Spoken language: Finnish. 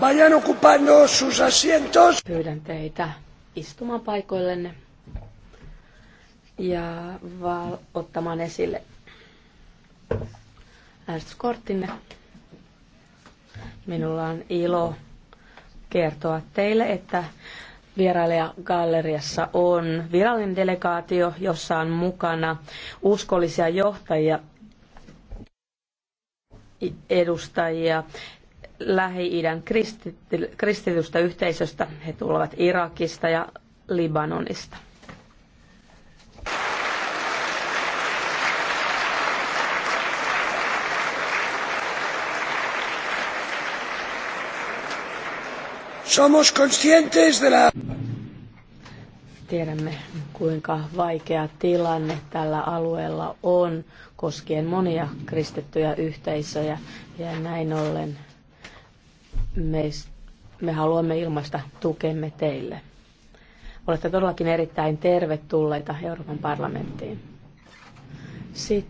Vayan ocupando sus asientos. Pyydän teitä istumaan paikoillenne ja val- ottamaan esille äänestyskorttinne. Minulla on ilo kertoa teille, että vierailija-galleriassa on virallinen delegaatio, jossa on mukana uskollisia johtajia edustajia Lähi-idän kristitystä yhteisöstä. He tulevat Irakista ja Libanonista. Somos conscientes de la... Tiedämme, kuinka vaikea tilanne tällä alueella on koskien monia kristittyjä yhteisöjä ja näin ollen me haluamme ilmaista tukemme teille. Olette todellakin erittäin tervetulleita Euroopan parlamenttiin. Sitten